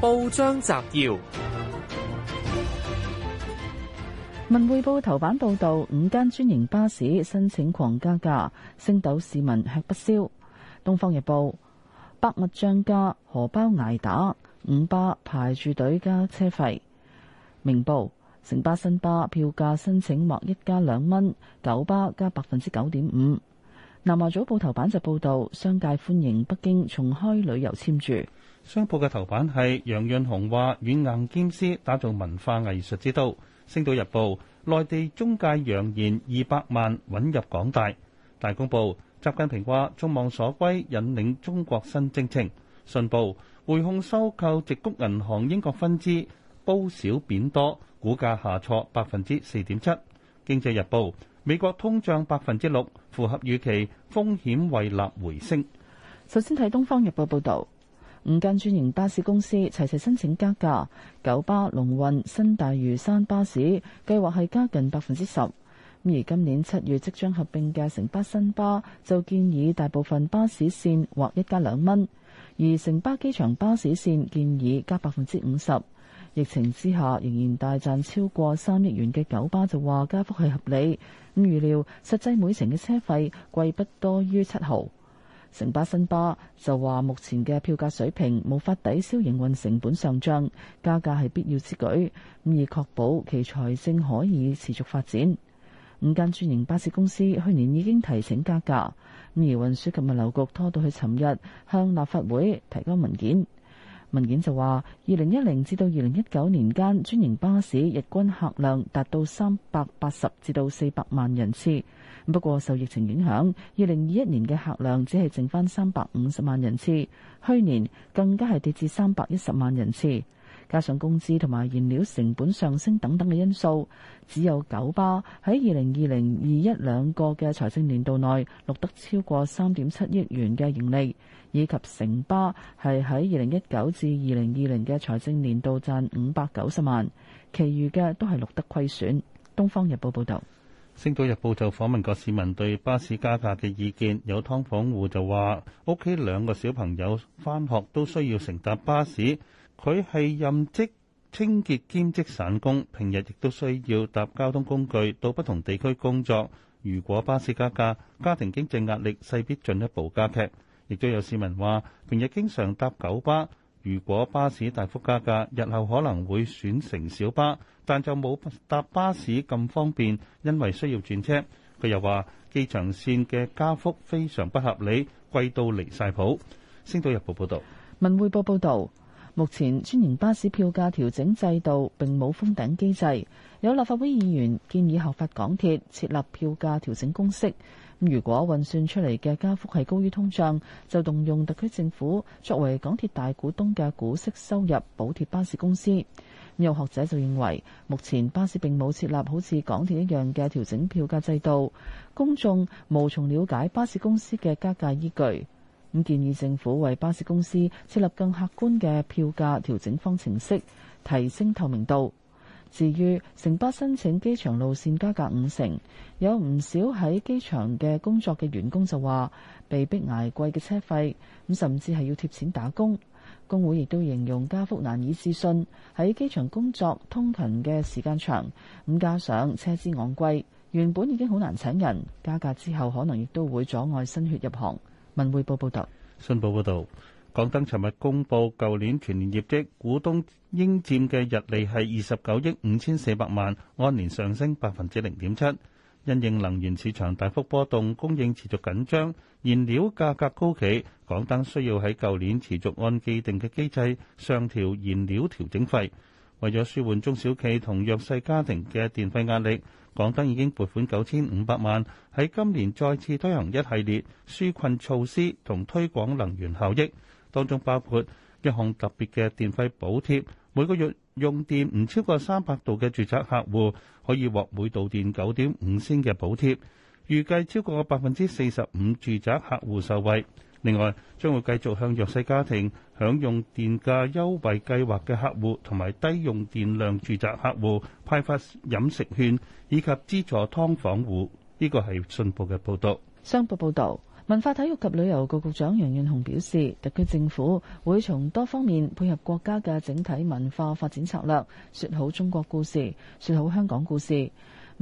報章摘要：《文匯報》頭版報道，五間專營巴士申請狂加價，星斗市民吃不消。《東方日報》百物漲加，荷包挨打，五巴排住隊加車費。《明報》城巴、新巴票價申請或一加兩蚊，九巴加百分之九點五。《南華早報》頭版就報道，商界歡迎北京重開旅遊簽注。商報嘅頭版係楊潤雄話軟硬兼施打造文化藝術之都。星島日報，內地中介揚言二百萬穩入港大。大公報，習近平話眾望所歸引領中國新征程。信報，匯控收購矽谷銀行英國分支，褒少貶多，股價下挫百分之四點七。經濟日報，美國通脹百分之六符合預期，風險位立回升。首先睇東方日報報道。五間專營巴士公司齊齊申請加價，九巴、龍運、新大嶼山巴士計劃係加近百分之十。而今年七月即將合併嘅城巴新巴就建議大部分巴士線劃一加兩蚊，而城巴機場巴士線建議加百分之五十。疫情之下仍然大賺超過三億元嘅九巴就話加幅係合理，咁預料實際每程嘅車費貴不多於七毫。城巴新巴就話，目前嘅票價水平冇法抵消營運成本上漲，加價係必要之舉，咁以確保其財政可以持續發展。五間專營巴士公司去年已經提醒加價，咁而運輸及物流局拖到去尋日向立法會提交文件。文件就話，二零一零至到二零一九年間，專營巴士日均客量達到三百八十至到四百萬人次。不過受疫情影響，二零二一年嘅客量只係剩翻三百五十萬人次，去年更加係跌至三百一十萬人次。加上工資同埋燃料成本上升等等嘅因素，只有九巴喺二零二零二一兩個嘅財政年度內錄得超過三點七億元嘅盈利，以及城巴係喺二零一九至二零二零嘅財政年度賺五百九十萬，其餘嘅都係錄得虧損。《東方日報》報道，《星島日報》就訪問過市民對巴士加價嘅意見，有劏房戶就話：屋企兩個小朋友翻學都需要乘搭巴士。佢係任職清潔兼職散工，平日亦都需要搭交通工具到不同地區工作。如果巴士加價，家庭經濟壓力勢必進一步加劇。亦都有市民話，平日經常搭九巴，如果巴士大幅加價，日後可能會選乘小巴，但就冇搭巴士咁方便，因為需要轉車。佢又話，機場線嘅加幅非常不合理，貴到離晒譜。星島日報報道。文匯報報道。目前專營巴士票價調整制度並冇封頂機制，有立法會議員建議效法港鐵設立票價調整公式。如果運算出嚟嘅加幅係高於通脹，就動用特區政府作為港鐵大股東嘅股息收入補貼巴士公司。有學者就認為，目前巴士並冇設立好似港鐵一樣嘅調整票價制度，公眾無從了解巴士公司嘅加價依據。咁建議政府為巴士公司設立更客觀嘅票價調整方程式，提升透明度。至於城巴申請機場路線加價五成，有唔少喺機場嘅工作嘅員工就話被逼挨貴嘅車費，咁甚至係要貼錢打工。工會亦都形容加幅難以置信，喺機場工作通勤嘅時間長，咁加上車資昂貴，原本已經好難請人，加價之後可能亦都會阻礙新血入行。文匯報報道，信報報道，港燈尋日公布舊年全年業績，股東應占嘅溢利係二十九億五千四百萬，按年上升百分之零點七。因應能源市場大幅波動，供應持續緊張，燃料價格高企，港燈需要喺舊年持續按既定嘅機制上調燃料調整費，為咗舒緩中小企同弱勢家庭嘅電費壓力。港燈已經撥款九千五百萬，喺今年再次推行一系列紓困措施同推廣能源效益，當中包括一項特別嘅電費補貼，每個月用電唔超過三百度嘅住宅客戶可以獲每度電九點五仙嘅補貼，預計超過百分之四十五住宅客戶受惠。另外，將會繼續向弱勢家庭、享用電價優惠計劃嘅客戶同埋低用電量住宅客戶派發飲食券，以及資助劏房戶。呢個係信報嘅報導。商報報導，文化體育及旅遊局局長楊潤雄表示，特區政府會從多方面配合國家嘅整體文化發展策略，説好中國故事，説好香港故事。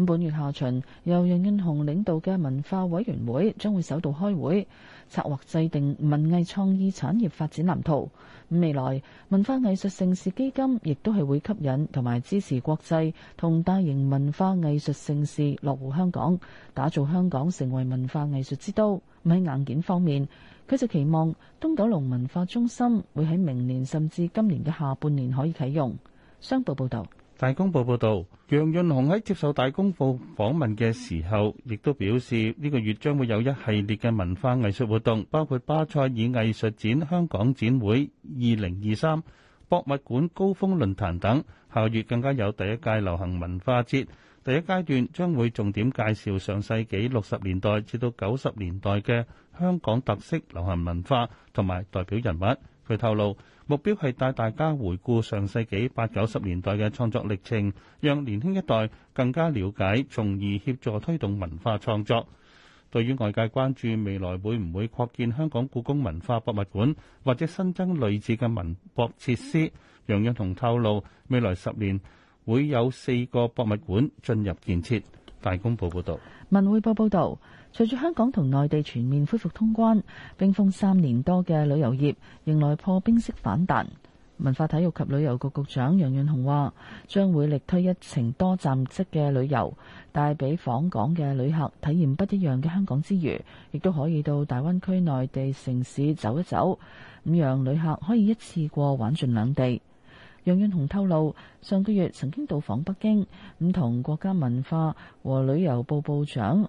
本月下旬，由楊潤雄領導嘅文化委員會將會首度開會，策劃制定文藝創意產業發展藍圖。未來，文化藝術盛事基金亦都係會吸引同埋支持國際同大型文化藝術盛事落戶香港，打造香港成為文化藝術之都。喺硬件方面，佢就期望東九龍文化中心會喺明年甚至今年嘅下半年可以啟用。商報報道。大公報報導，楊潤雄喺接受大公報訪問嘅時候，亦都表示呢個月將會有一系列嘅文化藝術活動，包括巴塞爾藝術展香港展會、二零二三博物館高峰論壇等。下月更加有第一屆流行文化節，第一階段將會重點介紹上世紀六十年代至到九十年代嘅香港特色流行文化同埋代表人物。佢透露。目標係帶大家回顧上世紀八九十年代嘅創作歷程，讓年輕一代更加了解，從而協助推動文化創作。對於外界關注未來會唔會擴建香港故宮文化博物館，或者新增類似嘅文博設施，楊潤雄透露，未來十年會有四個博物館進入建設。大公報報道。文匯報報導。隨住香港同內地全面恢復通關，冰封三年多嘅旅遊業迎來破冰式反彈。文化體育及旅遊局局長楊潤雄話，將會力推一程多站式嘅旅遊，帶俾訪港嘅旅客體驗不一樣嘅香港之餘，亦都可以到大灣區內地城市走一走，咁讓旅客可以一次過玩盡兩地。楊潤雄透露，上個月曾經到訪北京，唔同國家文化和旅遊部部長。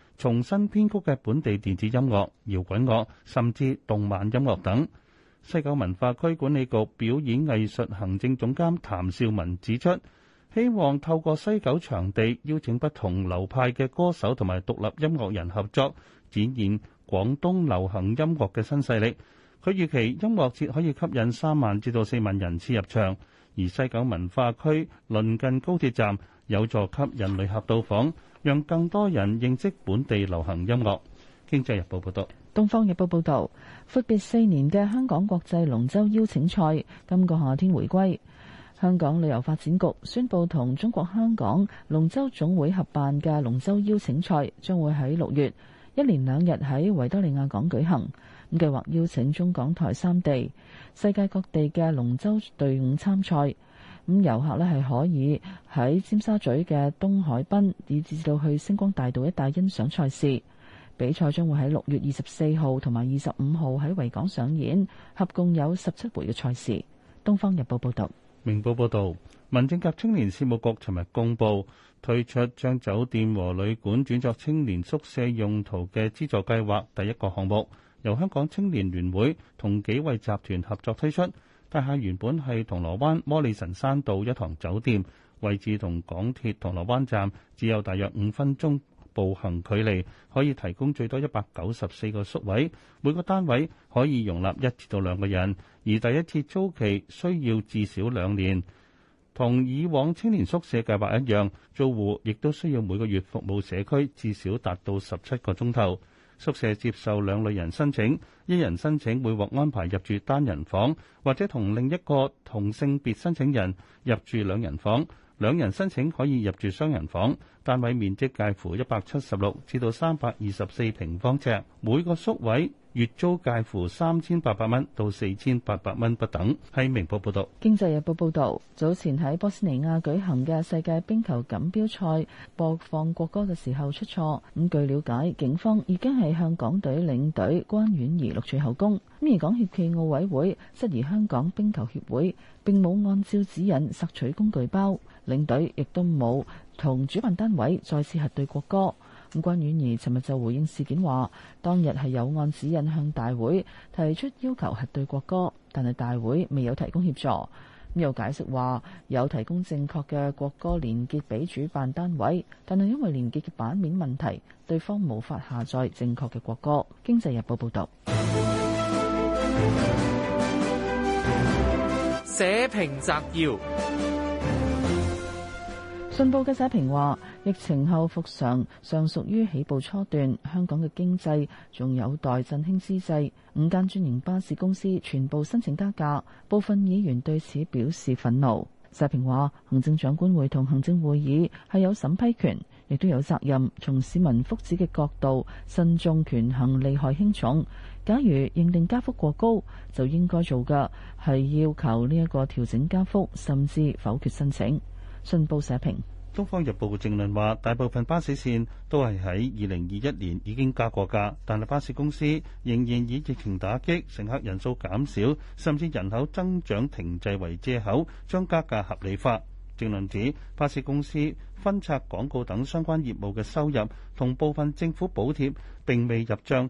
重新編曲嘅本地電子音樂、搖滾樂甚至動漫音樂等，西九文化區管理局表演藝術行政總監譚兆文指出，希望透過西九場地邀請不同流派嘅歌手同埋獨立音樂人合作，展現廣東流行音樂嘅新勢力。佢預期音樂節可以吸引三萬至到四萬人次入場，而西九文化區鄰近高鐵站，有助吸引旅客到訪，讓更多人認識本地流行音樂。經濟日報報道。東方日報報道，闊別四年嘅香港國際龍舟邀請賽今個夏天回歸，香港旅遊發展局宣布，同中國香港龍舟總會合辦嘅龍舟邀請賽將會喺六月一連兩日喺維多利亞港舉行。咁計劃邀請中港台三地，世界各地嘅龍舟隊伍參賽。咁遊客呢係可以喺尖沙咀嘅東海濱，以至到去星光大道一帶欣賞賽事。比賽將會喺六月二十四號同埋二十五號喺維港上演，合共有十七回嘅賽事。《東方日報》報道。《明報》報道，民政及青年事務局尋日公布推出將酒店和旅館轉作青年宿舍用途嘅資助計劃，第一個項目由香港青年聯會同幾位集團合作推出。大廈原本係銅鑼灣摩利臣山道一堂酒店，位置同港鐵銅鑼灣站只有大約五分鐘步行距離，可以提供最多一百九十四個宿位，每個單位可以容納一至到兩個人，而第一次租期需要至少兩年。同以往青年宿舍計劃一樣，租戶亦都需要每個月服務社區至少達到十七個鐘頭。宿舍接受兩類人申請，一人申請會獲安排入住單人房，或者同另一個同性別申請人入住兩人房。兩人申請可以入住雙人房，單位面積介乎一百七十六至到三百二十四平方尺，每個宿位，月租介乎三千八百蚊到四千八百蚊不等。係明報報道。《經濟日報》報道，早前喺波斯尼亞舉行嘅世界冰球錦標賽播放國歌嘅時候出錯。咁據了解，警方已經係向港隊領隊關婉儀錄取口供。而港協暨奧委會質疑香港冰球協會並冇按照指引索取工具包，領隊亦都冇同主辦單位再次核對國歌。關婉儀尋日就回應事件話：當日係有按指引向大會提出要求核對國歌，但係大會未有提供協助。咁又解釋話有提供正確嘅國歌鏈接俾主辦單位，但係因為鏈接嘅版面問題，對方無法下載正確嘅國歌。經濟日報報道。社評摘要。信報嘅社評話：疫情後復常尚屬於起步初段，香港嘅經濟仲有待振興之際。五間專營巴士公司全部申請加價，部分議員對此表示憤怒。社評話：行政長官會同行政會議係有審批權，亦都有責任從市民福祉嘅角度慎重權衡利害輕重。假如認定加幅過高，就應該做嘅係要求呢一個調整加幅，甚至否決申請。信報社評，《東方日報》嘅正論話：大部分巴士線都係喺二零二一年已經加過價，但係巴士公司仍然以疫情打擊、乘客人數減少，甚至人口增長停滯為借口，將加價合理化。正論指，巴士公司分拆廣告等相關業務嘅收入，同部分政府補貼並未入帳。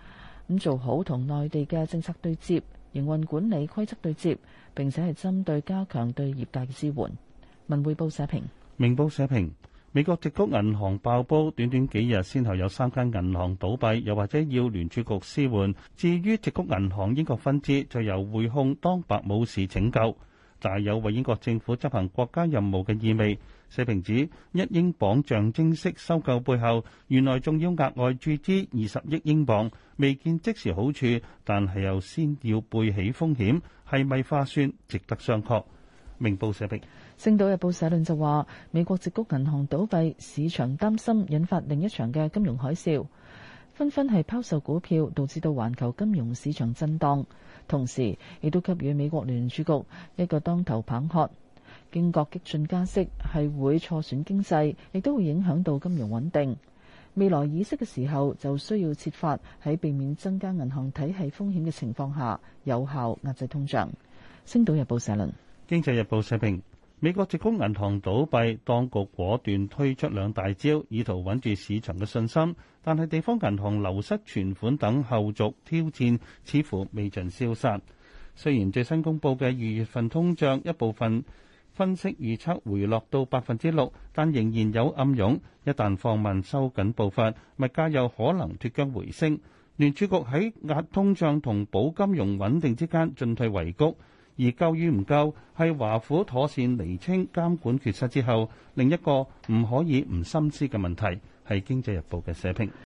咁做好同內地嘅政策對接、營運管理規則對接，並且係針對加強對業界嘅支援。文匯報社評、明報社評，美國矽谷銀行爆煲，短短幾日先後有三間銀行倒閉，又或者要聯儲局支援。至於矽谷銀行英國分支，就由匯控當白武士拯救。大有為英國政府執行國家任務嘅意味。社評指一英鎊象徵式收購背後，原來仲要額外注資二十億英鎊，未見即時好處，但係又先要背起風險，係咪化算值得商榷？明報社評。《星島日報》社論就話，美國矽谷銀行倒閉，市場擔心引發另一場嘅金融海嘯。紛紛係拋售股票，導致到環球金融市場震盪，同時亦都給予美國聯儲局一個當頭棒喝，驚覺激進加息係會錯損經濟，亦都會影響到金融穩定。未來議息嘅時候，就需要設法喺避免增加銀行體系風險嘅情況下，有效壓制通脹。星島日報社論，經濟日報社評。美國直轄銀行倒閉，當局果斷推出兩大招，以圖穩住市場嘅信心。但係地方銀行流失存款等後續挑戰似乎未盡消失。雖然最新公佈嘅二月份通脹，一部分分析預測回落到百分之六，但仍然有暗湧。一旦放慢收緊步伐，物價有可能脫韁回升。聯儲局喺壓通脹同保金融穩定之間進退維谷。而救與唔救係華府妥善釐清，清監管決策之後，另一個唔可以唔深思嘅問題，係《經濟日報》嘅社評。